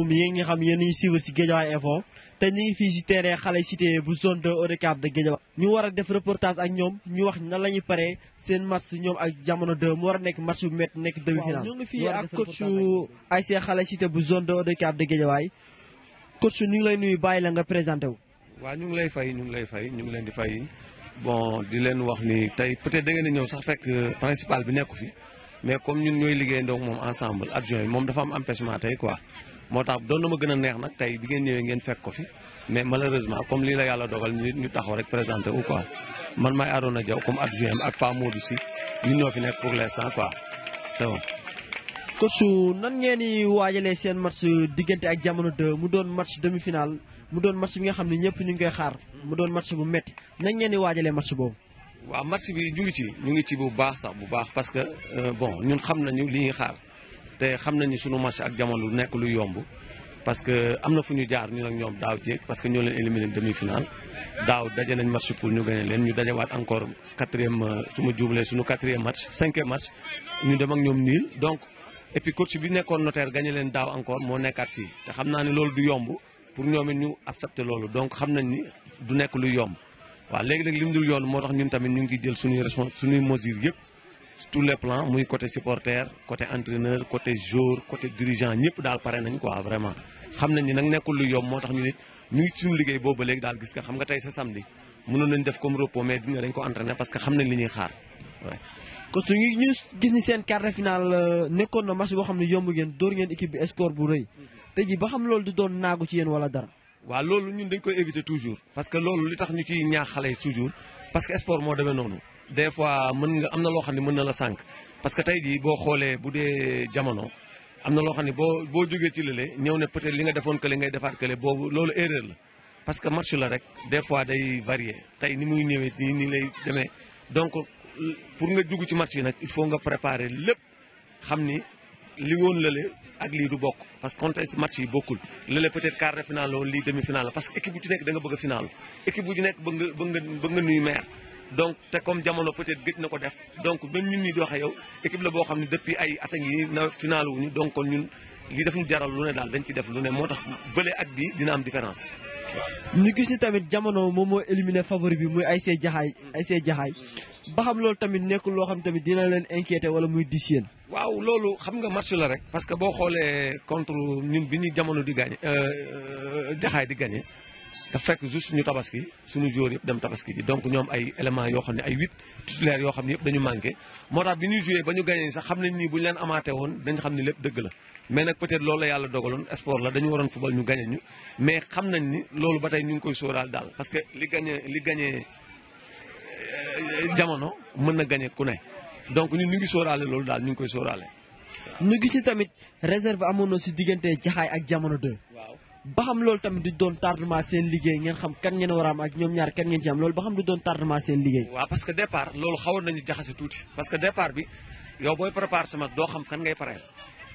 asalaamaaleykum yéen nga xam yéen ñuy suivre si Guédiawaye Info te ñu ngi fii si terrain xale cité bu zone de handicap de Guédiawaye ñu war def reportage ak ñoom ñu wax nan la ñuy paree seen match ñoom ak jamono de mu war nekk match bu métti nekk demi-finale. ñu ngi fii ak coach ASC xale cité bu zone de handicap de Guédiawaye coach ñu ngi lay nuyu bàyyi la nga présenté wu. waaw ñu ngi lay fay ñu ngi lay fay ñu ngi leen di fay bon di leen wax ni tey peut-être da ngeen di ñëw sax fekk euh, principal bi nekku fi mais comme ñun ñooy liggéeyandoo moom ensemble adjoint bi moom dafa am empêchement tey moo tax doon na ma gën a neex nag tey bi ngeen ñëwee ngeen fekk ko fi mais malheureusement comme lii la yàlla dogal ñu ñu taxaw rek présenté wu quoi man maay Arona Diaw comme adjoint ak Pa Modou Sy ñun ñoo fi nekk pour l'instant quoi c'est bon. coach nan ngeen di waajalee seen match diggante ak jamono 2 mu doon match demi-finale mu doon match bi nga xam ni ñëpp ñu ngi koy xaar mu doon match bu métti nan ngeen di waajalee match boobu. waaw match bi ñu ngi ci ñu ngi ci bu baax sax bu baax parce que euh, bon ñun xam nañu li ñuy xaar. te xam nañu suñu match ak jamono du nekk lu yomb parce que am na fu ñu jaar ñu ak ñoom daaw jéeg parce que ñoo leen éliminé demi final daaw daje nañ match pour ñu gagné leen ñu dajawaat encore quatrième euh, su ma juumalee suñu quatrième match cinquième match ñu dem ak ñoom niil donc et puis bi nekkoon notaire gagné leen daaw encore moo nekkaat fii te xam naa ne loolu du yomb pour ñoom ñu ñu accepté loolu donc xam nañ ni du nekk luy yomb waaw léegi nag li yoon moo tax ñun tamit ñu ngi jël suñuy respons suñuy mesures yëpp tous les plans muy côté supporter côté entraîneur côté joueur côté dirigeant ñëpp daal pare nañ quoi vraiment xam nañ ni nag nekkul lu yomb moo tax ñu nit ñu ngi suñu liggéey boobu léegi daal gis nga xam nga tey sa samedi mënoon nañ def comme repos mais dina dañ ko entraîné parce que xam nañ li ñuy xaar waaw. kon ñu ñu gis ni seen quart de finale euh, nekkoon na match boo xam ne yomb ngeen dóor ngeen équipe bi score bu rëy te ji ba xam loolu du doon naagu ci yéen wala dara. waaw loolu ñun dañ koy parce que loolu li tax ñu ciy ñaax xale que sport moo demee noonu. des fois mën nga am na loo xam ne mën na la sànq parce que tey jii boo xoolee bu dee jamono am na loo xam ne boo boo jógee ci lële ñëw ne peut-être li nga defoon kële ngay defaat kële boobu loolu erreur la parce que match la rek des fois day varier tey ni muy ñëwee nii nii lay demee donc pour nga dugg ci match yi nag il faut nga préparer lépp xam ni li woon lële ak lii du bokk parce que contexte match yi bokkul lële peut-être quart de finale la woon lii demi-finale la parce que équipe bu bëgg a finale équipe bu nuyu maire donc te comme jamono peut-être gëj na ko def donc même ñun ñi di wax yow équipe la boo xam ne depuis ay at a ngi na final ñu donc kon ñun li daf ñu jaral lu ne daal dañ ci def lu ne moo tax bële ak bi dina am différence. ñu gis ni tamit jamono moom moo éliminé favori bi muy ay see jaxaay ay see jaxaay ba xam loolu tamit nekk loo xam tamit dina leen inquiété wala muy di yéen. waaw loolu xam nga match la rek. parce que boo xoolee contre ñun bi ñu jamono di gagné euh, jaxaay di gagné. te fekk juste ñu tabaski suñu joueurs yëpp dem tabaski ji donc ñoom ay éléments yoo xam ne ay huit titulaires yoo xam ne yëpp dañu manqué moo tax bi ñuy joué ba ñu gagné sax xam nañ nii bu ñu leen amaatee woon dañ xam ne lépp la mais nag peut-être loolu la yàlla dogaloon sport la dañu waroon football ñu gagné ñu mais xam nañ ni loolu ba tey ñu ngi koy sóoraal daal parce que li gagné li gagné euh, jamono mën na gañee ku ne donc ñun ñu ngi sooraale loolu daal ñu ngi koy sóoraale. ñu gis ni tamit réserve amoon na si diggante Jaxaay ak jamono 2. ba xam loolu tamit du doon tardement seen liggéey ngeen xam kan ngeen war a am ak ñoom ñaar kan ngeen ci am loolu ba xam du doon tardement seen liggéey. waaw parce que départ loolu xawoon nañu jaxase tuuti parce que départ bi yow booy préparé sama doo xam kan ngay pareel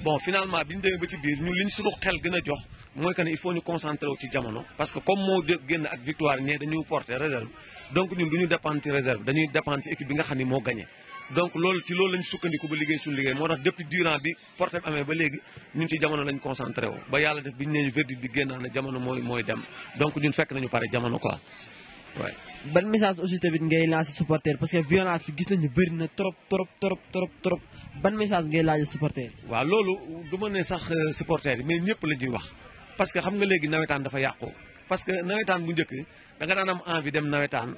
bon finalement bi ñu demee ba ci biir ñun li ñu suñu xel gën a jox mooy que ne il faut ñu concentré wu ci jamono. parce que comme moo génn ak victoire ne dañuy porté réserve donc ñu dépendre ci réserve dañuy dépendre ci équipe bi nga xam ne donc loolu ci loolu lañ sukkandiku ba liggéey suñu liggéey moo tax depuis durant bi porté bi amee ba léegi ñun ci jamono lañ concentré woo ba yàlla def bi ñu nee verdict bi génnaa na jamono mooy mooy dem donc ñun fekk nañu pare jamono quoi waaye. ban message aussi tamit ngay lancé supporter parce que violence bi gis nañu bëri na trop trop trop trop trop ban message ngay laajee supporter waaw loolu du ma ne sax euh, supporter yi mais ñëpp la ñuy wax parce que xam nga léegi nawetaan dafa yàqu parce que nawetaan bu njëkk da nga daan am envie dem nawetaan.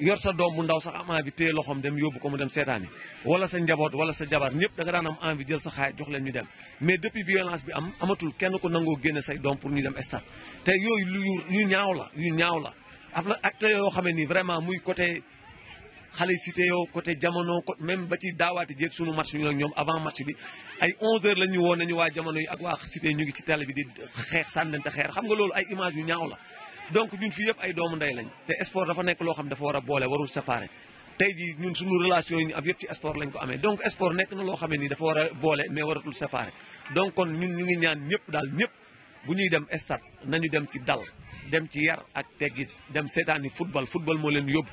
yor sa doom bu ndaw sax am envie téye loxoom dem yóbbu ko mu dem seetaani wala sa njaboot wala sa jabar ñëpp da nga daan am envie jël sa xaay jox leen ñu dem mais depuis violence bi am amatul kenn ko nangoo génne say doom pour ñu dem stade te yooyu lu yu ñaaw la yu ñaaw la af la acte yoo xam ne nii vraiment muy côté xale cité yoo côté jamono ko même ba ci daawaati jéeg sunu match ñu la ñoom avant match bi ay 11h la ñu woon nañu waa jamono yi ak waa cité ñu ngi ci télé bi di xeex sànnante xeer xam nga loolu ay image yu ñaaw la donc ñun fii yëpp ay doomu ndey lañ te sport dafa nekk loo xam dafa war a boole warul séparer tey jii ñun suñu relation yi ak yëpp ci sport lañ ko amee donc sport nekk na loo xam ne nii dafa war a boole mais waratul séparer donc kon ñun ñu ngi ñaan ñëpp daal ñëpp bu ñuy dem stade nañu dem ci dal dem ci yar ak teggit dem seetaani football football moo leen yóbbu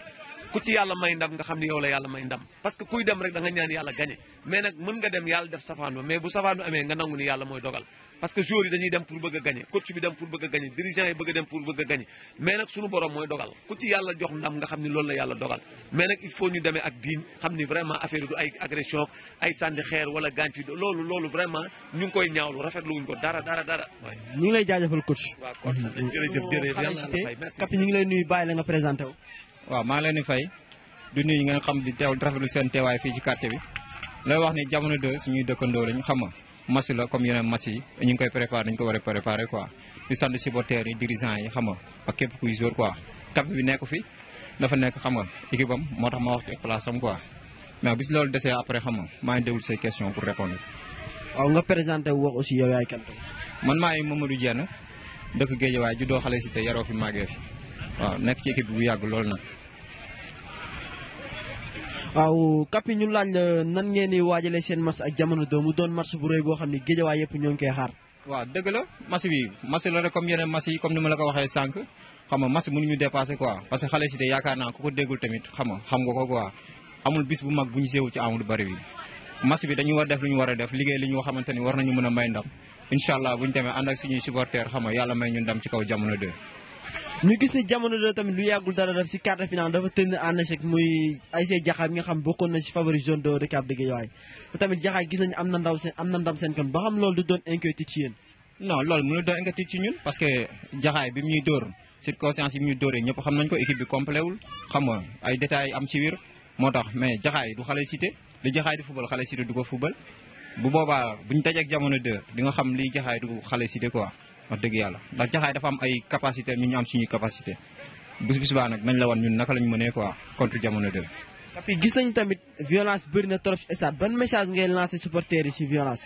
ku ci yàlla may ndam nga xam ni yow la yàlla may ndam parce que kuy dem rek da nga ñaan yàlla gagné mais nag mën nga dem yàlla def safaan ba mais bu safaan amee nga nangu ni yàlla mooy dogal parce que joueurs yi dañuy dem pour bëgg a a a a gagné mais nag suñu borom mooy dogal ku ci yàlla jox ndam nga xam ni loolu la yàlla dogal mais nag il faut ñu demee ak diin xam ni vraiment affaire du ay agression ay sànni xeer wala gaañ fi loolu loolu vraiment ñu ngi koy ñaawlu rafetlu wuñ ko dara dara dara ñu ngi lay jaajëfal coach waaw coach mm-hmm. jërëjëf jërëjëf yàlla waaw maa leen di fay du nuyu nga xam di teew rafetlu seen teewaay fii ci quartier bi lay wax ni jamono de suñuy dëkkandoo lañ xam nga masi la comme yeneen masi yi ñu ngi koy préparé dañu ko war a préparé quoi di sant supporters yi dirigeants yi xam ak képp kuy jour quoi cap bi nekk fi dafa nekk xam nga moo tax ma wax ci place am quoi mais bis loolu desee après xam nga maa ngi déglu say question pour répondre waaw nga présenté wax aussi yow yaay kan man maay Mamadou Dieng dëkk Guédiawaye juddoo xale si te yaroo fi màggee fi waaw nekk ci équipe bu yàgg loolu nag. waaw Kapi ñu laaj la nan ngeen di waajalee seen match ak jamono doo mu doon match bu rëy boo xam ne géejawaay yëpp ñoo ngi koy xaar. waaw dëgg la match bi match la rek comme yeneen match yi comme ni ma la ko waxee sànq. xam nga match mënuñu dépassé quoi parce que xale si de yaakaar naa ku ko déggul tamit xam xam nga ko quoi amul bis bu mag bu ñu séewu ci amul bari bi match bi dañu war def lu ñu war a def liggéey li ñu xamante ni war nañu mën a may ndam incha allah bu ñu xam nga yàlla may ñu ci kaw jamono ñu gis ni jamono do tamit lu yàggul dara def si quart de dafa tënn en échec muy ASC Jaxaay bi nga xam bokkoon na si favori zone de récap de Guédiawaye te tamit Jaxaay gis nañu am na ndaw seen am na ndam seen kan ba xam loolu du doon inquiétude ci yéen non loolu mënul doon inquiétude ci ñun parce que Jaxaay bi mu ñuy dóor circonstance yi mu ñuy dóoree ñëpp xam nañ ko équipe bi complet wul xam nga ay détails am ci wir moo tax mais Jaxaay du xale cité li Jaxaay di football xale cité du ko football bu boobaa buñu dajeek jamono 2 di nga xam liy Jaxaay du xale cité quoi wax dëgg yàlla ndax jaxaay dafa am ay capacité ñun ñu am suñuy capacité bis bis baa nag nañ la wan ñun naka lañ mënee quoi contre jamono de. tamit gis nañ tamit violence bëri na trop si ban message ngay lancé supporters yi si violence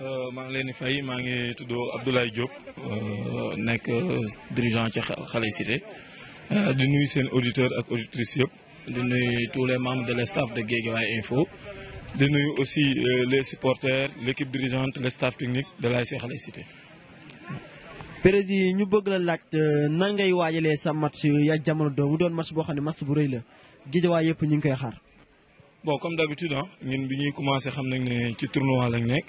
Euh, maa ngi leen di fay maa ngi tudd Abdoulaye Diop euh, nekk euh, dirigeant ci Xaley Cité di nuyu seen auditeurs ak auditrice yëpp di nuy tous les membres de l' staff de waaye Info di nuy aussi les supporters l' équipe dirigeante le staff technique de l'ASC Xaley Cité. Président ñu bëgg la laaj nan ngay waajalee sa match yaa jamono doo mu doon match boo xam ne match bu rëy la Guédiawaye yëpp ñu ngi koy xaar. bon comme d' habitude ah ñun bi ñuy commencé xam nañ ne ci tournoi lañ nekk.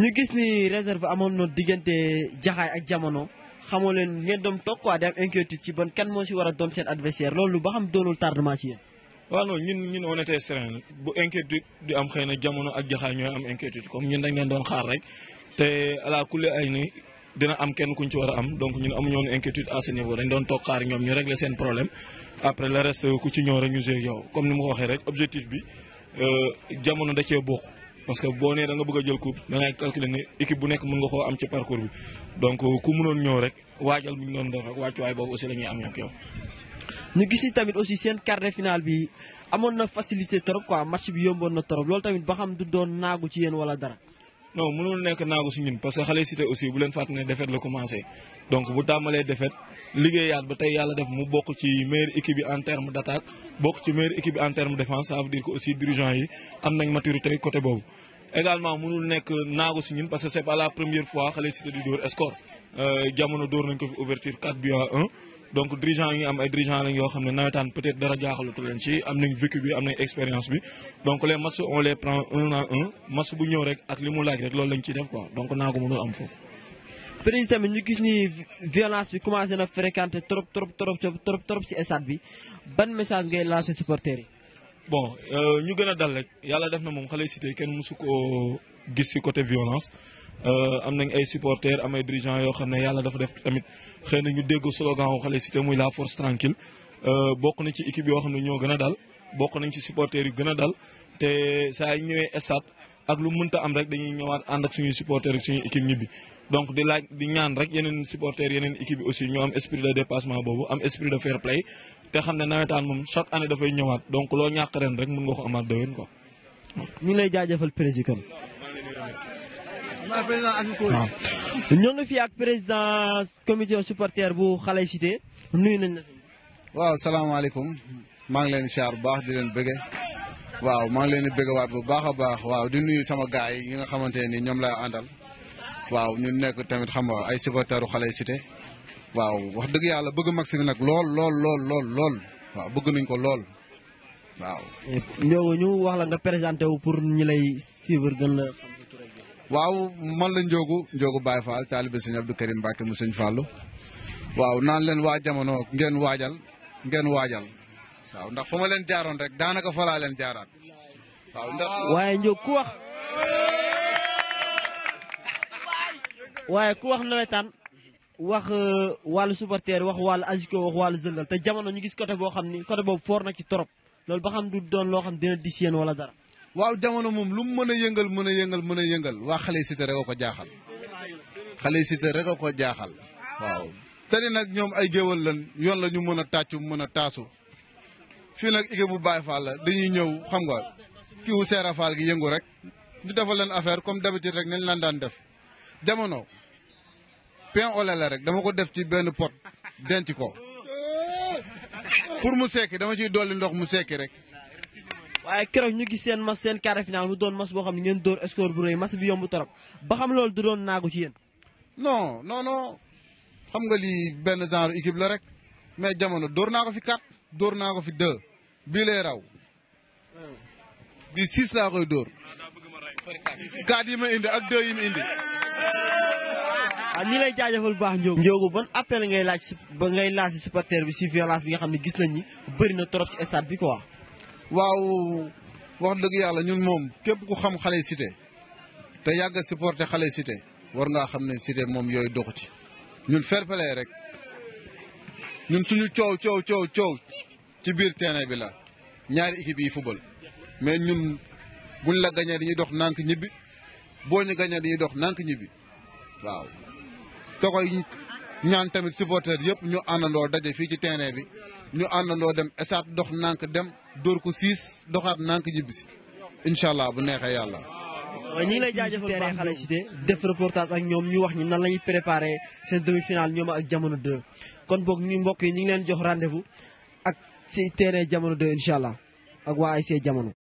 ñu gis ni réserve amoon na diggante jaxaay ak jamono xamoo leen ngeen doon toog quoi di am inquiétude ci ban kan moo si war a doon seen adversaire loolu ba xam doonul tardement si yéen. waaw non ñun ñun on était serein bu inquiétude am xëy na jamono ak jaxaay ñooy am inquiétude comme ñun dañ leen doon xaar rek te ala kulli dina am kenn kuñ ci war a am donc ñun amuñu woon inquiétude à ce niveau dañ doon toog xaar ñoom ñu régler seen problème après le reste ku ci ñëw rek ñu jouer yow comme ni ma ko waxee rek objectif bi euh, jamono da cee bokk. parce que boo nee da nga bëgg a jël coupe da ngay calculer ne équipe bu nekk mën nga koo am ci parcours bi donc euh, ku mënoon ñëw rek waajal mu ñu doon def rek wàccuwaay boobu aussi la ñuy am ñoom yow. ñu gis tamit aussi seen quart de bi amoon na facilité trop quoi match bi yomboon na trop loolu tamit ba xam du doon naagu ci yéen wala dara. non mënul nekk naagu si ñun parce que xale cité aussi bu leen fàttali ne défaite la commencé donc bu tàmbalee liggéeyaat ba tey yàlla def mu bokk ci meilleure équipe bi en terme d' bokk ci meilleure équipe bi en terme de défense ça veut dire que aussi dirigeants yi am nañ maturité côté boobu. également mënul nekk naagu si ñun parce que c' est la première fois xale cité di dóor score euh, jamono dóor nañ ko fi ouverture 4 buts a 1 donc dirigeants am ay dirigeants lañ yoo xam ne nawetaan peut être dara jaaxalatu leen ci am nañ vécu bi am nañ expérience bi donc les matchs bu ñëw rek ak li mu laaj rek loolu lañ ciy def quoi donc naagu mënul président bi ñu gis ni violence bi commencé na fréquenter trop trop trop trop trop si stade bi ban message ngay lancer supporters yi. bon euh, ñu gën a dal rek yàlla def na moom xale cité kenn mësu ko gis si côté violence euh, am nañ ay supporters am ay dirigeants yoo xam ne yàlla dafa def tamit xëy ñu dégg slogan wu cité muy la force tranquille euh, bokk na ci équipe yoo xam ne ñoo gën a dal bokk nañ ci supporters yu gën dal te saa yu stade ak lu mënta am rek dañuy ñëwaat ak ak équipe donc di laaj di ñaan rek yeneen supporters yeneen équipe aussi ñu am esprit de dépassement boobu am esprit de fair play te xam ne nawetaan moom chaque année dafay ñëwaat donc loo ñàkk ren rek mën nga ko amaat déwén quoi. ñu ngi lay jaajëfal président. waaw ñoo ngi fi ak président comité supporter bu xale cité nuyu nañ la. waaw salaamaaleykum maa ngi leen di bu baax di leen bëgge waaw maa ngi leen di bëggewaat bu baax baax waaw di nuyu sama gars yi nga xamante ne ñoom laa waaw ñu nekk tamit xam nga ay supporteru xale yi cité waaw wax dëgg yàlla bëgg Max bi nag lool lool lool lool lool waaw bëgg nañ ko lool waaw. Ndiogo ñu wax la nga présenté wu pour ñi lay suivre gën la xam. waaw man la Ndiogo Ndiogo Baye Fall taalibe sëñ Abdou Karim Mbacke mu sëñ Fallou waaw naan leen waa jamono ngeen waajal ngeen waajal waaw ndax fa ma leen jaaroon rek daanaka fa leen jaaraat waaye Ndiogo ku wax. waaye ku wax nawetaan wax euh, wàllu supporter wax wàllu asiko wax wàllu zëngal te jamono ñu gis côté boo xam ni côté boobu foor na ci trop loolu ba xam du doon loo xam dina di yéen wala dara. waaw jamono moom lu mu mën a yëngal mën a yëngal mën a yëngal waa xale Cité rek a ko jaaxal xale Cité rek a ko jaaxal waaw. te ni nag ñoom ay géwal lan yoon la ñu mën a tàccu mën a taasu fii nag équipe bu Baye Fall la dañuy ñëw xam nga kii wu Seera Fall gi yëngu rek ñu defal leen affaire comme d'habitude rek nañ laan daan def. jamono pain au la rek dama ko def ci benn pot denc ko pour mu sekki dama ciy dolli ndox mu sekki rek. waaye keroog ñu gis seen mas seen carré final mu doon mas boo xam ne ngeen dóor score bu rëy mas bi yomb torop ba xam loolu du doon naagu ci yéen. non non xam nga lii benn genre équipe la rek mais jamono dóor naa ko fi quatre dóor naa ko fi dë bii lay raw. di six laa koy dóor. kaat yi ma indi ak deux yi ma indi. waaw ah, ñu lay jaajëfal bu baax Ndiogou. Ndiogou ban appel ngay laaj si ba ngay laaj si supporter bi si violence bi nga xam ne gis nañ ni bëri na trop ci stade bi quoi. waaw wax dëgg yàlla ñun moom képp ku xam xale cité te yàgg a supporter xale cité war ngaa xam ne cité moom yooyu doxu ci. ñun fair rek ñun suñu coow coow coow coow ci biir terrain bi la ñaari équipe yi football mais ñun buñ la gañee dañuy dox nànk ñibbi boo ñu gañee dañuy dox nànk ñibbi waaw. te koy ñaan tamit yëpp ñu àndandoo daje fii ci terrain bi ñu àndandoo dem esaat dox nànk dem dóor ko siis doxaat nànk ñibbi si incha allah bu neexee yàlla. ñu ngi lay jaajëfal terrain xale cité def reportage ak ñoom ñu wax ñi na la ñuy préparé seen demi finale ñoom ak jamono 2 kon boog ñu mbokk yi ñu ngi leen jox rendez vous ak si terrain jamono 2 incha allah ak waa ay see jamono.